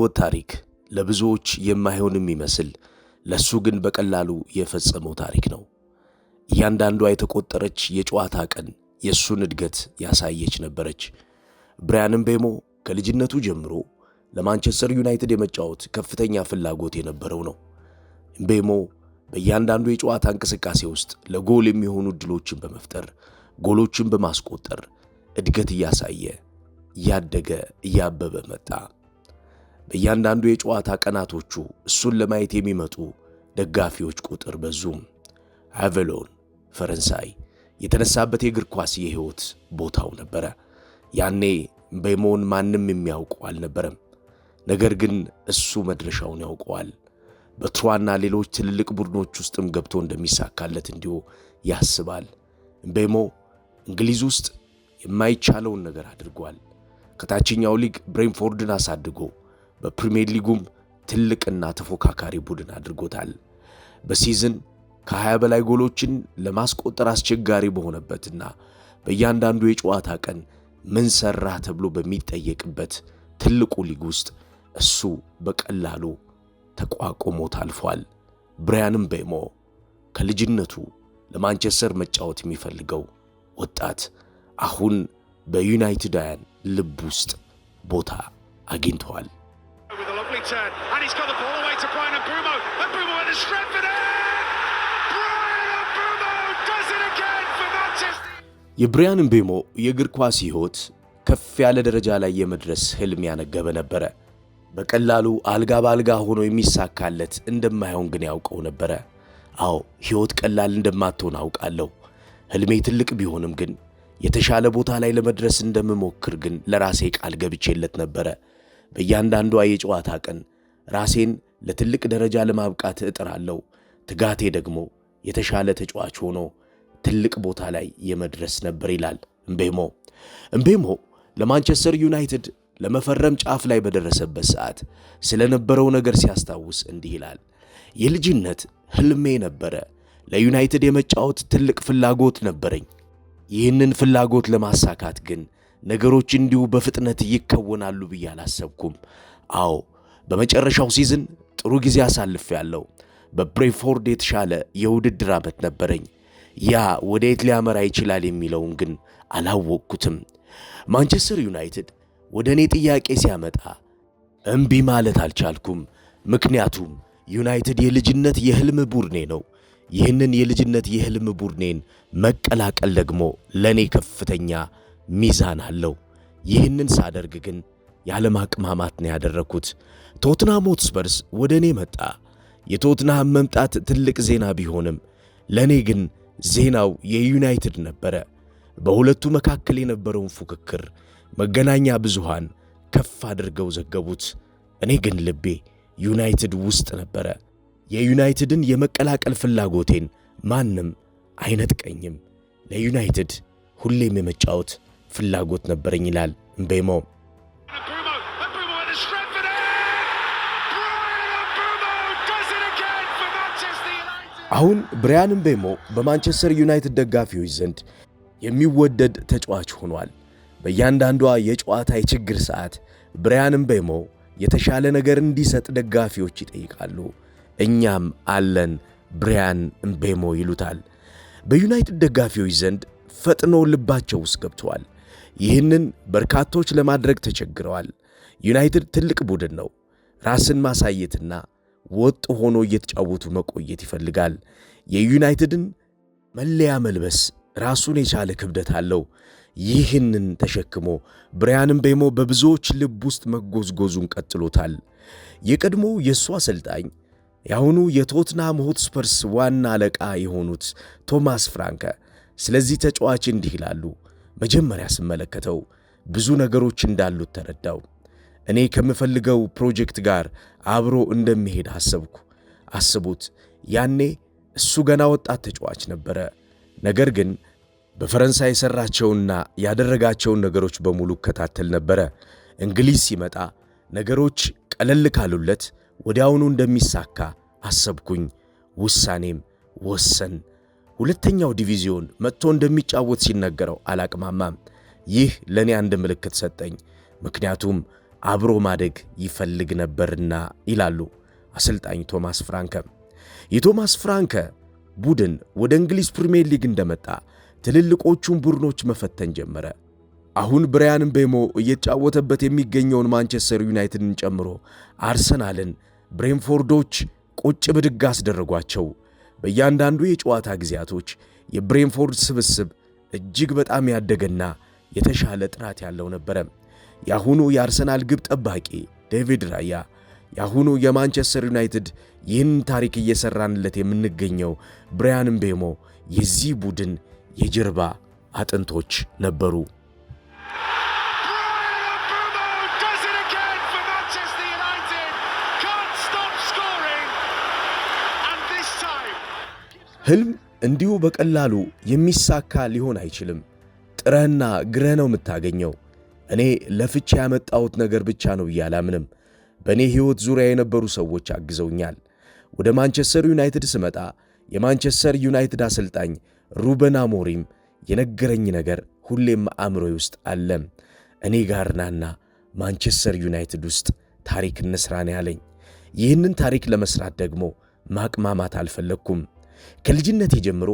የሕይወት ታሪክ ለብዙዎች የማይሆን የሚመስል ለሱ ግን በቀላሉ የፈጸመው ታሪክ ነው። እያንዳንዷ የተቆጠረች የጨዋታ ቀን የእሱን እድገት ያሳየች ነበረች። ብራያን ምቤሞ ከልጅነቱ ጀምሮ ለማንቸስተር ዩናይትድ የመጫወት ከፍተኛ ፍላጎት የነበረው ነው። ምቤሞ በእያንዳንዱ የጨዋታ እንቅስቃሴ ውስጥ ለጎል የሚሆኑ እድሎችን በመፍጠር ጎሎችን በማስቆጠር እድገት እያሳየ እያደገ እያበበ መጣ። በእያንዳንዱ የጨዋታ ቀናቶቹ እሱን ለማየት የሚመጡ ደጋፊዎች ቁጥር በዙም። አቨሎን ፈረንሳይ የተነሳበት የእግር ኳስ የሕይወት ቦታው ነበረ። ያኔ ቤሞን ማንም የሚያውቀው አልነበረም። ነገር ግን እሱ መድረሻውን ያውቀዋል። በትሯና ሌሎች ትልልቅ ቡድኖች ውስጥም ገብቶ እንደሚሳካለት እንዲሁ ያስባል። ቤሞ እንግሊዝ ውስጥ የማይቻለውን ነገር አድርጓል። ከታችኛው ሊግ ብሬንፎርድን አሳድጎ በፕሪሚየር ሊጉም ትልቅና ተፎካካሪ ቡድን አድርጎታል። በሲዝን ከ20 በላይ ጎሎችን ለማስቆጠር አስቸጋሪ በሆነበትና በእያንዳንዱ የጨዋታ ቀን ምን ሰራህ ተብሎ በሚጠየቅበት ትልቁ ሊግ ውስጥ እሱ በቀላሉ ተቋቁሞ ታልፏል። ብሪያንም ምቤሞ ከልጅነቱ ለማንቸስተር መጫወት የሚፈልገው ወጣት አሁን በዩናይትዳውያን ልብ ውስጥ ቦታ አግኝተዋል። big turn, and he's got the ball away to Brian Abumo. Abumo with a strength for it! የብሪያን ምቤሞ የእግር ኳስ ሕይወት ከፍ ያለ ደረጃ ላይ የመድረስ ህልም ያነገበ ነበረ። በቀላሉ አልጋ በአልጋ ሆኖ የሚሳካለት እንደማይሆን ግን ያውቀው ነበረ። አዎ ሕይወት ቀላል እንደማትሆን አውቃለሁ። ህልሜ ትልቅ ቢሆንም ግን የተሻለ ቦታ ላይ ለመድረስ እንደምሞክር ግን ለራሴ ቃል ገብቼለት ነበረ። በእያንዳንዷ የጨዋታ ቀን ራሴን ለትልቅ ደረጃ ለማብቃት እጥራለሁ። ትጋቴ ደግሞ የተሻለ ተጫዋች ሆኖ ትልቅ ቦታ ላይ የመድረስ ነበር ይላል እምቤሞ። እምቤሞ ለማንቸስተር ዩናይትድ ለመፈረም ጫፍ ላይ በደረሰበት ሰዓት ስለነበረው ነገር ሲያስታውስ እንዲህ ይላል። የልጅነት ህልሜ ነበረ። ለዩናይትድ የመጫወት ትልቅ ፍላጎት ነበረኝ። ይህንን ፍላጎት ለማሳካት ግን ነገሮች እንዲሁ በፍጥነት ይከወናሉ ብዬ አላሰብኩም። አዎ በመጨረሻው ሲዝን ጥሩ ጊዜ አሳልፍ ያለው በብሬንፎርድ የተሻለ የውድድር ዓመት ነበረኝ። ያ ወደ የት ሊያመራ ይችላል የሚለውን ግን አላወቅኩትም። ማንቸስተር ዩናይትድ ወደ እኔ ጥያቄ ሲያመጣ እምቢ ማለት አልቻልኩም። ምክንያቱም ዩናይትድ የልጅነት የህልም ቡድኔ ነው። ይህንን የልጅነት የህልም ቡድኔን መቀላቀል ደግሞ ለእኔ ከፍተኛ ሚዛን አለው። ይህንን ሳደርግ ግን ያለማቅማማት ነው ያደረግኩት። ቶትናም ሆትስፐርስ ወደ እኔ መጣ። የቶትናም መምጣት ትልቅ ዜና ቢሆንም ለእኔ ግን ዜናው የዩናይትድ ነበረ። በሁለቱ መካከል የነበረውን ፉክክር መገናኛ ብዙሃን ከፍ አድርገው ዘገቡት። እኔ ግን ልቤ ዩናይትድ ውስጥ ነበረ። የዩናይትድን የመቀላቀል ፍላጎቴን ማንም አይነጥቀኝም። ለዩናይትድ ሁሌም የመጫወት ፍላጎት ነበረኝ ይላል እምቤሞ። አሁን ብሪያን እምቤሞ በማንቸስተር ዩናይትድ ደጋፊዎች ዘንድ የሚወደድ ተጫዋች ሆኗል። በእያንዳንዷ የጨዋታ የችግር ሰዓት ብሪያን እምቤሞ የተሻለ ነገር እንዲሰጥ ደጋፊዎች ይጠይቃሉ። እኛም አለን ብሪያን እምቤሞ ይሉታል። በዩናይትድ ደጋፊዎች ዘንድ ፈጥኖ ልባቸው ውስጥ ገብተዋል። ይህንን በርካቶች ለማድረግ ተቸግረዋል። ዩናይትድ ትልቅ ቡድን ነው። ራስን ማሳየትና ወጥ ሆኖ እየተጫወቱ መቆየት ይፈልጋል። የዩናይትድን መለያ መልበስ ራሱን የቻለ ክብደት አለው። ይህንን ተሸክሞ ብሪያን ምቤሞ በብዙዎች ልብ ውስጥ መጎዝጎዙን ቀጥሎታል። የቀድሞ የእሱ አሰልጣኝ የአሁኑ የቶትናም ሆትስፐርስ ዋና አለቃ የሆኑት ቶማስ ፍራንከ ስለዚህ ተጫዋች እንዲህ ይላሉ። መጀመሪያ ስመለከተው ብዙ ነገሮች እንዳሉት ተረዳው። እኔ ከምፈልገው ፕሮጀክት ጋር አብሮ እንደሚሄድ አሰብኩ። አስቡት፣ ያኔ እሱ ገና ወጣት ተጫዋች ነበረ። ነገር ግን በፈረንሳይ የሠራቸውና ያደረጋቸውን ነገሮች በሙሉ እከታተል ነበረ። እንግሊዝ ሲመጣ ነገሮች ቀለል ካሉለት ወዲያውኑ እንደሚሳካ አሰብኩኝ። ውሳኔም ወሰን ሁለተኛው ዲቪዚዮን መጥቶ እንደሚጫወት ሲነገረው አላቅማማም። ይህ ለእኔ አንድ ምልክት ሰጠኝ፣ ምክንያቱም አብሮ ማደግ ይፈልግ ነበርና ይላሉ አሰልጣኝ ቶማስ ፍራንከ። የቶማስ ፍራንከ ቡድን ወደ እንግሊዝ ፕሪምየር ሊግ እንደመጣ ትልልቆቹን ቡድኖች መፈተን ጀመረ። አሁን ብራያን ምቤሞ እየተጫወተበት የሚገኘውን ማንቸስተር ዩናይትድን ጨምሮ አርሰናልን ብሬንፎርዶች ቁጭ ብድግ አስደረጓቸው። በእያንዳንዱ የጨዋታ ጊዜያቶች የብሬንፎርድ ስብስብ እጅግ በጣም ያደገና የተሻለ ጥራት ያለው ነበረ። የአሁኑ የአርሰናል ግብ ጠባቂ ዴቪድ ራያ፣ የአሁኑ የማንቸስተር ዩናይትድ ይህን ታሪክ እየሰራንለት የምንገኘው ብራያን ምቤሞ የዚህ ቡድን የጀርባ አጥንቶች ነበሩ። ህልም እንዲሁ በቀላሉ የሚሳካ ሊሆን አይችልም። ጥረህና ግረህ ነው የምታገኘው። እኔ ለፍቻ ያመጣሁት ነገር ብቻ ነው ብዬ አላምንም። በእኔ ሕይወት ዙሪያ የነበሩ ሰዎች አግዘውኛል። ወደ ማንቸስተር ዩናይትድ ስመጣ የማንቸስተር ዩናይትድ አሰልጣኝ ሩበን አሞሪም የነገረኝ ነገር ሁሌም አእምሮዬ ውስጥ አለም። እኔ ጋር ናና ማንቸስተር ዩናይትድ ውስጥ ታሪክ እንስራ ነው ያለኝ። ይህንን ታሪክ ለመስራት ደግሞ ማቅማማት አልፈለግኩም። ከልጅነቴ ጀምሮ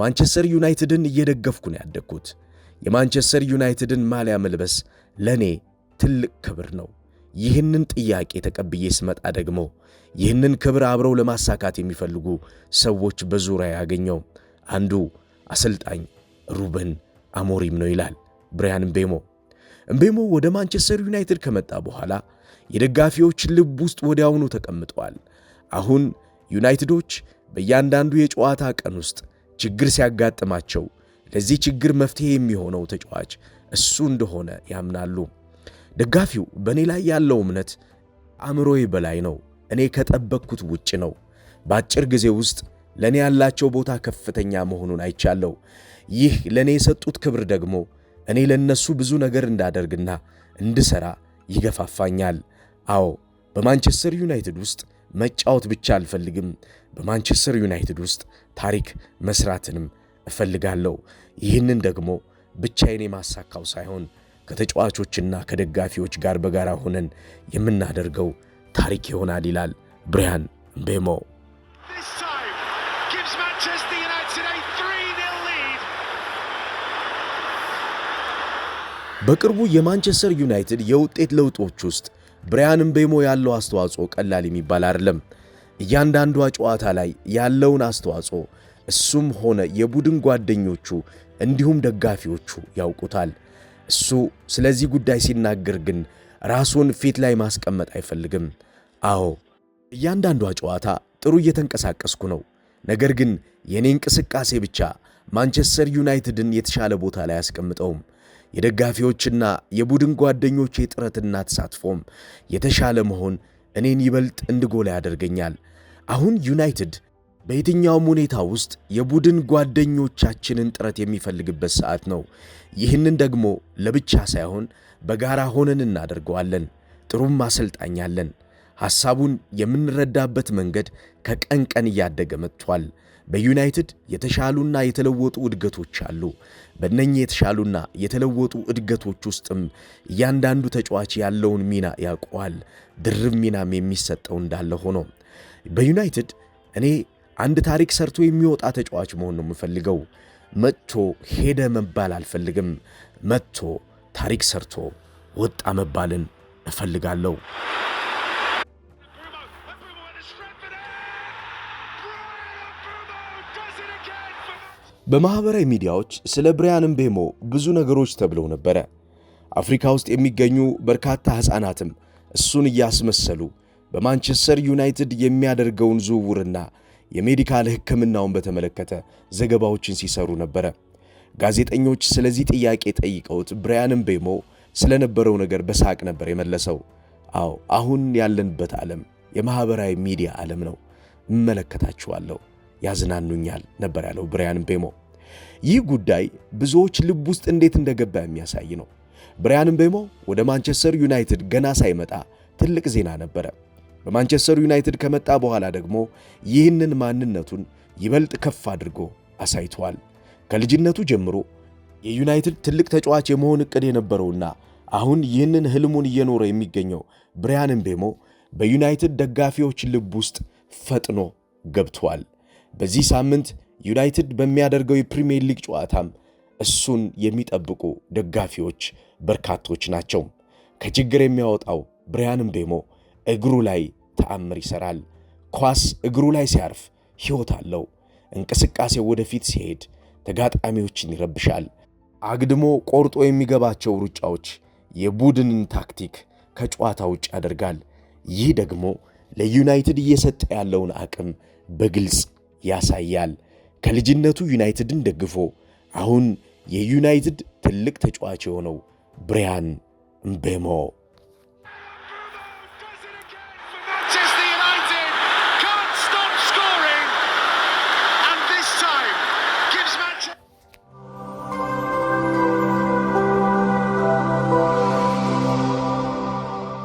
ማንቸስተር ዩናይትድን እየደገፍኩ ነው ያደግኩት። የማንቸስተር ዩናይትድን ማሊያ መልበስ ለእኔ ትልቅ ክብር ነው። ይህንን ጥያቄ ተቀብዬ ስመጣ ደግሞ ይህንን ክብር አብረው ለማሳካት የሚፈልጉ ሰዎች በዙሪያ ያገኘው አንዱ አሰልጣኝ ሩበን አሞሪም ነው ይላል ብሪያን እምቤሞ እምቤሞ ወደ ማንቸስተር ዩናይትድ ከመጣ በኋላ የደጋፊዎች ልብ ውስጥ ወዲያውኑ ተቀምጠዋል። አሁን ዩናይትዶች በእያንዳንዱ የጨዋታ ቀን ውስጥ ችግር ሲያጋጥማቸው ለዚህ ችግር መፍትሄ የሚሆነው ተጫዋች እሱ እንደሆነ ያምናሉ። ደጋፊው በእኔ ላይ ያለው እምነት አእምሮዬ በላይ ነው፣ እኔ ከጠበቅኩት ውጭ ነው፣ በአጭር ጊዜ ውስጥ ለእኔ ያላቸው ቦታ ከፍተኛ መሆኑን አይቻለሁ። ይህ ለእኔ የሰጡት ክብር ደግሞ እኔ ለእነሱ ብዙ ነገር እንዳደርግና እንድሠራ ይገፋፋኛል። አዎ በማንቸስተር ዩናይትድ ውስጥ መጫወት ብቻ አልፈልግም፣ በማንቸስተር ዩናይትድ ውስጥ ታሪክ መስራትንም እፈልጋለሁ። ይህንን ደግሞ ብቻዬን የማሳካው ሳይሆን ከተጫዋቾችና ከደጋፊዎች ጋር በጋራ ሆነን የምናደርገው ታሪክ ይሆናል ይላል ብሪያን ምቤሞ። በቅርቡ የማንቸስተር ዩናይትድ የውጤት ለውጦች ውስጥ ብርያንም ቤሞ ያለው አስተዋጽኦ ቀላል የሚባል አይደለም። እያንዳንዷ ጨዋታ ላይ ያለውን አስተዋጽኦ እሱም ሆነ የቡድን ጓደኞቹ እንዲሁም ደጋፊዎቹ ያውቁታል። እሱ ስለዚህ ጉዳይ ሲናገር ግን ራሱን ፊት ላይ ማስቀመጥ አይፈልግም። አዎ እያንዳንዷ ጨዋታ ጥሩ እየተንቀሳቀስኩ ነው፣ ነገር ግን የእኔ እንቅስቃሴ ብቻ ማንቸስተር ዩናይትድን የተሻለ ቦታ ላይ አያስቀምጠውም። የደጋፊዎችና የቡድን ጓደኞች የጥረትና ተሳትፎም የተሻለ መሆን እኔን ይበልጥ እንድጎላ ያደርገኛል። አሁን ዩናይትድ በየትኛውም ሁኔታ ውስጥ የቡድን ጓደኞቻችንን ጥረት የሚፈልግበት ሰዓት ነው። ይህንን ደግሞ ለብቻ ሳይሆን በጋራ ሆነን እናደርገዋለን። ጥሩም አሰልጣኝ አለን። ሐሳቡን የምንረዳበት መንገድ ከቀን ቀን እያደገ መጥቷል። በዩናይትድ የተሻሉና የተለወጡ እድገቶች አሉ። በእነኚህ የተሻሉና የተለወጡ እድገቶች ውስጥም እያንዳንዱ ተጫዋች ያለውን ሚና ያውቀዋል። ድርብ ሚናም የሚሰጠው እንዳለ ሆኖ በዩናይትድ እኔ አንድ ታሪክ ሰርቶ የሚወጣ ተጫዋች መሆን ነው የምፈልገው። መጥቶ ሄደ መባል አልፈልግም። መጥቶ ታሪክ ሰርቶ ወጣ መባልን እፈልጋለሁ። በማኅበራዊ ሚዲያዎች ስለ ብሪያን ምቤሞ ብዙ ነገሮች ተብለው ነበረ። አፍሪካ ውስጥ የሚገኙ በርካታ ሕፃናትም እሱን እያስመሰሉ በማንቸስተር ዩናይትድ የሚያደርገውን ዝውውርና የሜዲካል ሕክምናውን በተመለከተ ዘገባዎችን ሲሰሩ ነበረ። ጋዜጠኞች ስለዚህ ጥያቄ ጠይቀውት ብሪያን ምቤሞ ስለነበረው ነገር በሳቅ ነበር የመለሰው። አዎ አሁን ያለንበት ዓለም የማኅበራዊ ሚዲያ ዓለም ነው። እመለከታችኋለሁ ያዝናኑኛል ነበር ያለው ብሪያን ምቤሞ። ይህ ጉዳይ ብዙዎች ልብ ውስጥ እንዴት እንደገባ የሚያሳይ ነው። ብሪያን ምቤሞ ወደ ማንቸስተር ዩናይትድ ገና ሳይመጣ ትልቅ ዜና ነበረ። በማንቸስተር ዩናይትድ ከመጣ በኋላ ደግሞ ይህንን ማንነቱን ይበልጥ ከፍ አድርጎ አሳይቷል። ከልጅነቱ ጀምሮ የዩናይትድ ትልቅ ተጫዋች የመሆን እቅድ የነበረውና አሁን ይህንን ህልሙን እየኖረ የሚገኘው ብሪያን ምቤሞ በዩናይትድ ደጋፊዎች ልብ ውስጥ ፈጥኖ ገብቷል። በዚህ ሳምንት ዩናይትድ በሚያደርገው የፕሪምየር ሊግ ጨዋታም እሱን የሚጠብቁ ደጋፊዎች በርካቶች ናቸው። ከችግር የሚያወጣው ብሪያን ምቤሞ እግሩ ላይ ተአምር ይሰራል። ኳስ እግሩ ላይ ሲያርፍ ሕይወት አለው። እንቅስቃሴው ወደፊት ሲሄድ ተጋጣሚዎችን ይረብሻል። አግድሞ ቆርጦ የሚገባቸው ሩጫዎች የቡድንን ታክቲክ ከጨዋታ ውጭ ያደርጋል። ይህ ደግሞ ለዩናይትድ እየሰጠ ያለውን አቅም በግልጽ ያሳያል። ከልጅነቱ ዩናይትድን ደግፎ አሁን የዩናይትድ ትልቅ ተጫዋች የሆነው ብሪያን ምቤሞ